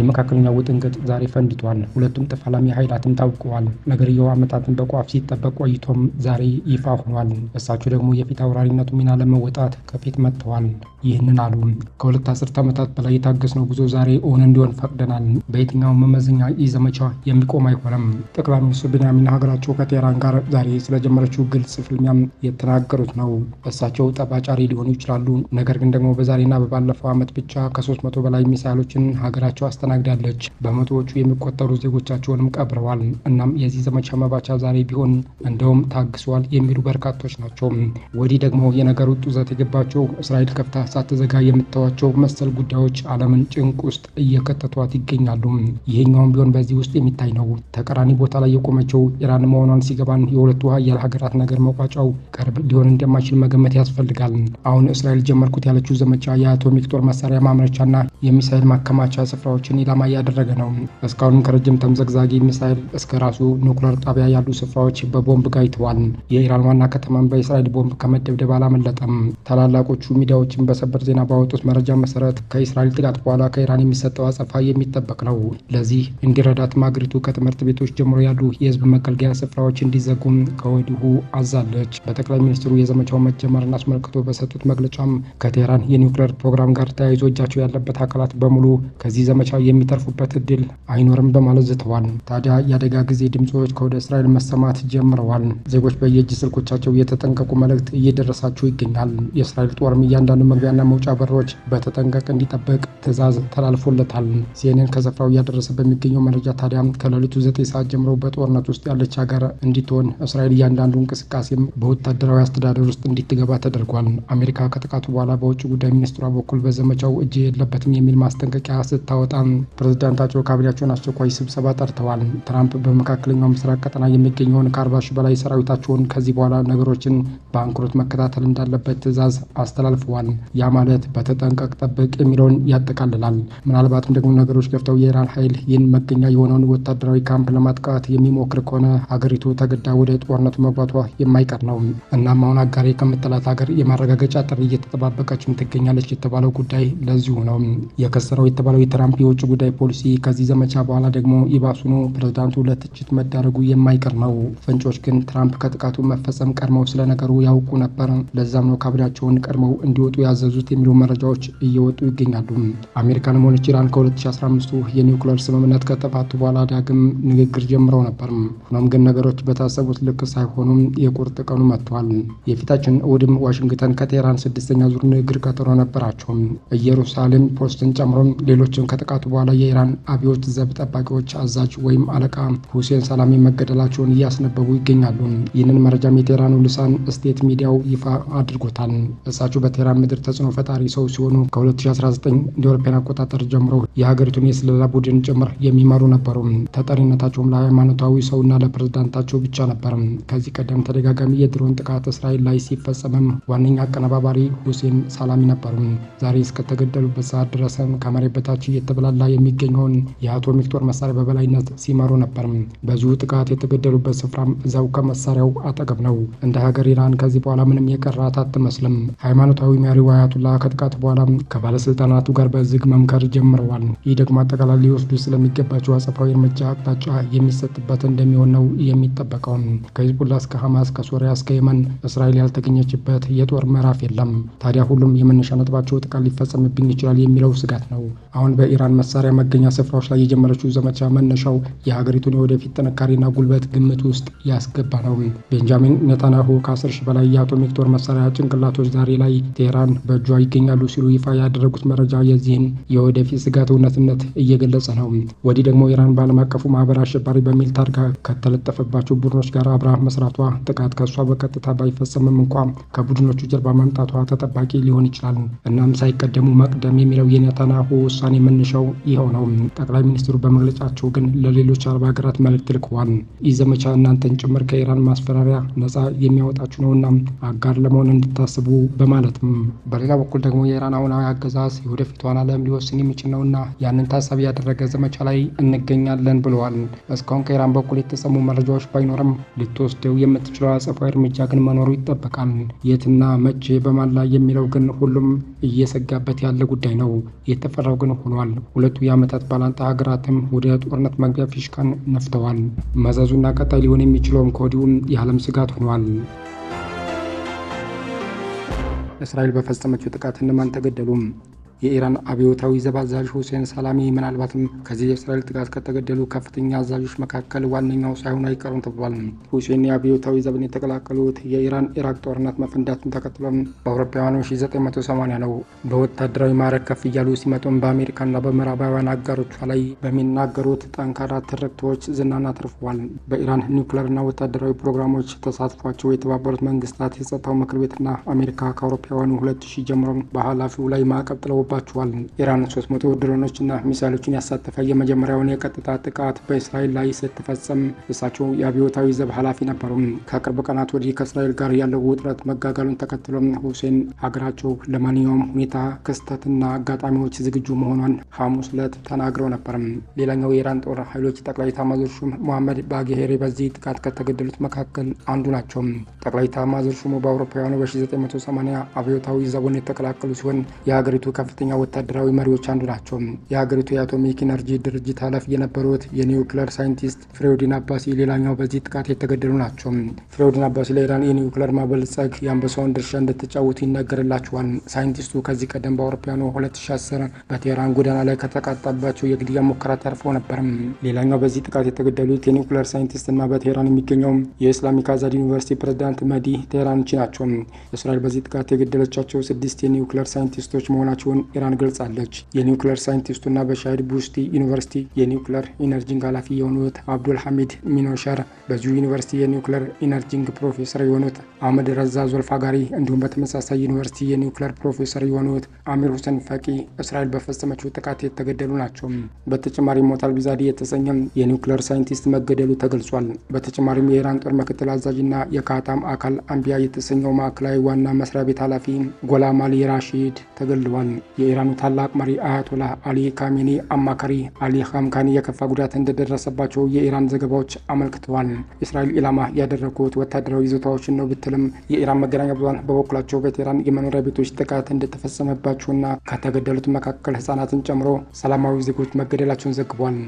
የመካከለኛው ውጥንቅጥ ዛሬ ፈንድቷል። ሁለቱም ተፋላሚ ኃይላትም ታውቀዋል። ነገርየው ዓመታትን በቋፍ ሲጠበቅ ቆይቶም ዛሬ ይፋ ሆኗል። እሳቸው ደግሞ የፊት አውራሪነቱ ሚና ለመወጣት ከፊት መጥተዋል። ይህንን አሉ። ከሁለት አስርት ዓመታት በላይ የታገስነው ጉዞ ዛሬ እውን እንዲሆን ፈቅደናል። በየትኛው መመዘኛ ይህ ዘመቻ የሚቆም አይሆንም። ጠቅላይ ሚኒስትር ቢንያሚን ሀገራቸው ከቴህራን ጋር ዛሬ ስለጀመረችው ግልጽ ፍልሚያም የተናገሩት ነው። እሳቸው ጠባጫሪ ሊሆኑ ይችላሉ። ነገር ግን ደግሞ በዛሬና በባለፈው ዓመት ብቻ ከ300 በላይ ሚሳይሎችን ሀገራቸው አስተ አስተናግዳለች። በመቶዎቹ የሚቆጠሩ ዜጎቻቸውንም ቀብረዋል። እናም የዚህ ዘመቻ መባቻ ዛሬ ቢሆን እንደውም ታግሷል የሚሉ በርካቶች ናቸው። ወዲህ ደግሞ የነገሩ ጡዘት የገባቸው እስራኤል ከፍታ ሳትዘጋ የምታዋቸው መሰል ጉዳዮች ዓለምን ጭንቅ ውስጥ እየከተቷት ይገኛሉ። ይሄኛውም ቢሆን በዚህ ውስጥ የሚታይ ነው። ተቃራኒ ቦታ ላይ የቆመችው ኢራን መሆኗን ሲገባን የሁለቱ ሀያል ሀገራት ነገር መቋጫው ቅርብ ሊሆን እንደማይችል መገመት ያስፈልጋል። አሁን እስራኤል ጀመርኩት ያለችው ዘመቻ የአቶሚክ ጦር መሳሪያ ማምረቻና የሚሳይል ማከማቻ ስፍራዎችን ኢላማዎችን ኢላማ እያደረገ ነው። እስካሁን ከረጅም ተምዘግዛጊ ሚሳይል እስከ ራሱ ኒውክለር ጣቢያ ያሉ ስፍራዎች በቦምብ ጋይተዋል። የኢራን ዋና ከተማን በእስራኤል ቦምብ ከመደብደብ አላመለጠም። ታላላቆቹ ሚዲያዎችን በሰበር ዜና ባወጡት መረጃ መሰረት ከእስራኤል ጥቃት በኋላ ከኢራን የሚሰጠው አጸፋ የሚጠበቅ ነው። ለዚህ እንዲረዳትም አገሪቱ ከትምህርት ቤቶች ጀምሮ ያሉ የህዝብ መገልገያ ስፍራዎች እንዲዘጉም ከወዲሁ አዛለች። በጠቅላይ ሚኒስትሩ የዘመቻው መጀመርን አስመልክቶ በሰጡት መግለጫም ከቴህራን የኒውክለር ፕሮግራም ጋር ተያይዞ እጃቸው ያለበት አካላት በሙሉ ከዚህ ዘመቻ የሚተርፉበት እድል አይኖርም በማለት ዝተዋል። ታዲያ የአደጋ ጊዜ ድምፆች ከወደ እስራኤል መሰማት ጀምረዋል። ዜጎች በየእጅ ስልኮቻቸው የተጠንቀቁ መልእክት እየደረሳቸው ይገኛል። የእስራኤል ጦርም እያንዳንዱ መግቢያና መውጫ በሮች በተጠንቀቅ እንዲጠበቅ ትዕዛዝ ተላልፎለታል። ሲኤንኤን ከስፍራው እያደረሰ በሚገኘው መረጃ ታዲያ ከሌሊቱ ዘጠኝ ሰዓት ጀምሮ በጦርነት ውስጥ ያለች ሀገር እንዲትሆን እስራኤል እያንዳንዱ እንቅስቃሴም በወታደራዊ አስተዳደር ውስጥ እንዲትገባ ተደርጓል። አሜሪካ ከጥቃቱ በኋላ በውጭ ጉዳይ ሚኒስትሯ በኩል በዘመቻው እጅ የለበትም የሚል ማስጠንቀቂያ ስታወጣ ፕሬዝዳንታቸው ካቢኔያቸውን አስቸኳይ ስብሰባ ጠርተዋል። ትራምፕ በመካከለኛው ምስራቅ ቀጠና የሚገኘውን ከአርባ ሺህ በላይ ሰራዊታቸውን ከዚህ በኋላ ነገሮችን በአንክሮት መከታተል እንዳለበት ትዕዛዝ አስተላልፈዋል። ያ ማለት በተጠንቀቅ ጠብቅ የሚለውን ያጠቃልላል። ምናልባትም ደግሞ ነገሮች ገፍተው የኢራን ኃይል ይህን መገኛ የሆነውን ወታደራዊ ካምፕ ለማጥቃት የሚሞክር ከሆነ አገሪቱ ተገዳ ወደ ጦርነቱ መግባቷ የማይቀር ነው። እናም አሁን አጋሪ ከምጠላት ሀገር የማረጋገጫ ጥሪ እየተጠባበቀችም ትገኛለች የተባለው ጉዳይ ለዚሁ ነው። የከሰረው የተባለው የትራምፕ የውጭ ጉዳይ ፖሊሲ ከዚህ ዘመቻ በኋላ ደግሞ ይባሱኑ ፕሬዝዳንቱ ለትችት መዳረጉ የማይቀር ነው። ፍንጮች ግን ትራምፕ ከጥቃቱ መፈጸም ቀድመው ስለነገሩ ያውቁ ነበር፣ ለዛም ነው ካቢኔያቸውን ቀድመው እንዲወጡ ያዘዙት የሚሉ መረጃዎች እየወጡ ይገኛሉ። አሜሪካንም ሆነች ኢራን ከ 2015 የኒውክሌር ስምምነት ከተፋቱ በኋላ ዳግም ንግግር ጀምረው ነበር። ሆኖም ግን ነገሮች በታሰቡት ልክ ሳይሆኑም የቁርጥ ቀኑ መጥቷል። የፊታችን እሁድም ዋሽንግተን ከቴህራን ስድስተኛ ዙር ንግግር ቀጠሮ ነበራቸው። ኢየሩሳሌም ፖስትን ጨምሮ ሌሎችም ከጥቃቱ በኋላ የኢራን አብዮት ዘብ ጠባቂዎች አዛዥ ወይም አለቃ ሁሴን ሰላሚ መገደላቸውን እያስነበቡ ይገኛሉ። ይህንን መረጃም የቴህራኑ ልሳን ስቴት ሚዲያው ይፋ አድርጎታል። እሳቸው በቴህራን ምድር ተጽዕኖ ፈጣሪ ሰው ሲሆኑ ከ2019 እንደ አውሮፓውያን አቆጣጠር ጀምሮ የሀገሪቱን የስለላ ቡድን ጭምር የሚመሩ ነበሩ። ተጠሪነታቸውም ለሃይማኖታዊ ሰውና ለፕሬዝዳንታቸው ብቻ ነበር። ከዚህ ቀደም ተደጋጋሚ የድሮን ጥቃት እስራኤል ላይ ሲፈጸምም ዋነኛ አቀነባባሪ ሁሴን ሰላሚ ነበሩ። ዛሬ እስከተገደሉበት ሰዓት ድረስም ከመሬት በታች እየተበላ በጠቅላላ የሚገኘውን የአቶሚክ ጦር መሳሪያ በበላይነት ሲመሩ ነበር። በዚሁ ጥቃት የተገደሉበት ስፍራም እዛው ከመሳሪያው አጠገብ ነው። እንደ ሀገር ኢራን ከዚህ በኋላ ምንም የቀራት አትመስልም። ሃይማኖታዊ መሪው አያቱላ ከጥቃት በኋላ ከባለስልጣናቱ ጋር በዝግ መምከር ጀምረዋል። ይህ ደግሞ አጠቃላይ ሊወስዱ ስለሚገባቸው አጸፋዊ እርምጃ አቅጣጫ የሚሰጥበት እንደሚሆን ነው የሚጠበቀው። ከሂዝቡላ እስከ ሐማስ፣ ከሶሪያ እስከ የመን እስራኤል ያልተገኘችበት የጦር ምዕራፍ የለም። ታዲያ ሁሉም የመነሻ ነጥባቸው ጥቃት ሊፈጸምብኝ ይችላል የሚለው ስጋት ነው አሁን በኢራን መሳሪያ መገኛ ስፍራዎች ላይ የጀመረችው ዘመቻ መነሻው የሀገሪቱን የወደፊት ጥንካሬና ጉልበት ግምት ውስጥ ያስገባ ነው። ቤንጃሚን ኔታንያሁ ከአስር ሺህ በላይ የአቶሚክ ጦር መሳሪያ ጭንቅላቶች ዛሬ ላይ ቴህራን በእጇ ይገኛሉ ሲሉ ይፋ ያደረጉት መረጃ የዚህን የወደፊት ስጋት እውነትነት እየገለጸ ነው። ወዲህ ደግሞ ኢራን በዓለም አቀፉ ማህበር አሸባሪ በሚል ታርጋ ከተለጠፈባቸው ቡድኖች ጋር አብራ መስራቷ ጥቃት ከእሷ በቀጥታ ባይፈጸምም እንኳ ከቡድኖቹ ጀርባ መምጣቷ ተጠባቂ ሊሆን ይችላል። እናም ሳይቀደሙ መቅደም የሚለው የኔታንያሁ ውሳኔ መነሻው የሆነው። ጠቅላይ ሚኒስትሩ በመግለጫቸው ግን ለሌሎች አረብ ሀገራት መልእክት ልከዋል። ይህ ዘመቻ እናንተን ጭምር ከኢራን ማስፈራሪያ ነጻ የሚያወጣችሁ ነውና አጋር ለመሆን እንድታስቡ በማለትም በሌላ በኩል ደግሞ የኢራን አሁናዊ አገዛዝ የወደፊቷን ዓለም ሊወስን የሚችል ነውና ያንን ታሳቢ ያደረገ ዘመቻ ላይ እንገኛለን ብለዋል። እስካሁን ከኢራን በኩል የተሰሙ መረጃዎች ባይኖርም ልትወስደው የምትችለው አጸፋዊ እርምጃ ግን መኖሩ ይጠበቃል። የትና መቼ በማላ የሚለው ግን ሁሉም እየሰጋበት ያለ ጉዳይ ነው። የተፈራው ግን ሆኗል። ሁለቱ የዓመታት ባላንጣ ሀገራትም ወደ ጦርነት መግቢያ ፊሽካን ነፍተዋል። መዘዙና ቀጣይ ሊሆን የሚችለውም ከወዲሁም የዓለም ስጋት ሆኗል። እስራኤል በፈጸመችው ጥቃት እነማን ተገደሉም? የኢራን አብዮታዊ ዘብ አዛዥ ሁሴን ሰላሚ ምናልባትም ከዚህ የእስራኤል ጥቃት ከተገደሉ ከፍተኛ አዛዦች መካከል ዋነኛው ሳይሆን አይቀሩም ተብሏል። ሁሴን የአብዮታዊ ዘብን የተቀላቀሉት የኢራን ኢራቅ ጦርነት መፈንዳትን ተከትሎም በአውሮፓውያኑ 1980 ነው። በወታደራዊ ማዕረግ ከፍ እያሉ ሲመጡም በአሜሪካና በምዕራባውያን አጋሮቿ ላይ በሚናገሩት ጠንካራ ትርክቶች ዝናን አትርፈዋል። በኢራን ኒውክለርና ወታደራዊ ፕሮግራሞች ተሳትፏቸው የተባበሩት መንግስታት የጸጥታው ምክር ቤትና አሜሪካ ከአውሮፓውያኑ 2000 ጀምሮ በኃላፊው ላይ ማዕቀብ ጥለውባ ተደርሶባቸዋል። ኢራን 300 እና ሚሳይሎችን ያሳተፈ የመጀመሪያውን የቀጥታ ጥቃት በእስራኤል ላይ ስትፈጸም እሳቸው የአብዮታዊ ዘብ ኃላፊ ነበሩ። ከቅርብ ቀናት ወዲህ ከእስራኤል ጋር ያለው ውጥረት መጋጋሉን ተከትሎም ሁሴን ሀገራቸው ለማንኛውም ሁኔታ ክስተትና አጋጣሚዎች ዝግጁ መሆኗን ሐሙስ ዕለት ተናግረው ነበር። ሌላኛው የኢራን ጦር ኃይሎች ጠቅላይ ኤታማዦር ሹም መሐመድ ባጌሄሪ በዚህ ጥቃት ከተገደሉት መካከል አንዱ ናቸው። ጠቅላይ ኤታማዦር ሹሙ በአውሮፓውያኑ በ1980 አብዮታዊ ዘቡን የተቀላቀሉ ሲሆን የሀገሪቱ ከፍ ከፍተኛ ወታደራዊ መሪዎች አንዱ ናቸው። የሀገሪቱ የአቶሚክ ኢነርጂ ድርጅት ኃላፊ የነበሩት የኒውክለር ሳይንቲስት ፍሬውዲን አባሲ ሌላኛው በዚህ ጥቃት የተገደሉ ናቸው። ፍሬውዲን አባሲ ለኢራን የኒውክለር ማበልጸግ የአንበሳውን ድርሻ እንድትጫወቱ ይነገርላቸዋል። ሳይንቲስቱ ከዚህ ቀደም በአውሮፓውያኑ 2010 በቴህራን ጎዳና ላይ ከተቃጣባቸው የግድያ ሙከራ ተርፎ ነበርም። ሌላኛው በዚህ ጥቃት የተገደሉት የኒውክለር ሳይንቲስት እና በቴህራን የሚገኘው የእስላሚክ አዛድ ዩኒቨርሲቲ ፕሬዚዳንት መዲ ቴህራንቺ ናቸው። እስራኤል በዚህ ጥቃት የገደለቻቸው ስድስት የኒውክለር ሳይንቲስቶች መሆናቸውን ኢራን ገልጻለች። የኒውክሌር ሳይንቲስቱና በሻሂድ ቡስቲ ዩኒቨርሲቲ የኒውክሌር ኢነርጂንግ ኃላፊ የሆኑት አብዱል ሐሚድ ሚኖሸር፣ በዚሁ ዩኒቨርሲቲ የኒውክሌር ኢነርጂንግ ፕሮፌሰር የሆኑት አህመድ ረዛ ዞልፋጋሪ እንዲሁም በተመሳሳይ ዩኒቨርሲቲ የኒውክሌር ፕሮፌሰር የሆኑት አሚር ሁሴን ፈቂ እስራኤል በፈጸመችው ጥቃት የተገደሉ ናቸው። በተጨማሪም ሞታል ቢዛዲ የተሰኘ የኒውክሌር ሳይንቲስት መገደሉ ተገልጿል። በተጨማሪም የኢራን ጦር ምክትል አዛዥና የካታም አካል አንቢያ የተሰኘው ማዕከላዊ ዋና መስሪያ ቤት ኃላፊ ጎላማሊ ራሺድ ተገልሏል። የኢራኑ ታላቅ መሪ አያቶላህ አሊ ካሜኒ አማካሪ አሊ ሀምካኒ የከፋ ጉዳት እንደደረሰባቸው የኢራን ዘገባዎች አመልክተዋል። እስራኤል ኢላማ ያደረጉት ወታደራዊ ይዞታዎችን ነው ብትልም የኢራን መገናኛ ብዙኃን በበኩላቸው በቴህራን የመኖሪያ ቤቶች ጥቃት እንደተፈጸመባቸውና ከተገደሉት መካከል ህጻናትን ጨምሮ ሰላማዊ ዜጎች መገደላቸውን ዘግቧል።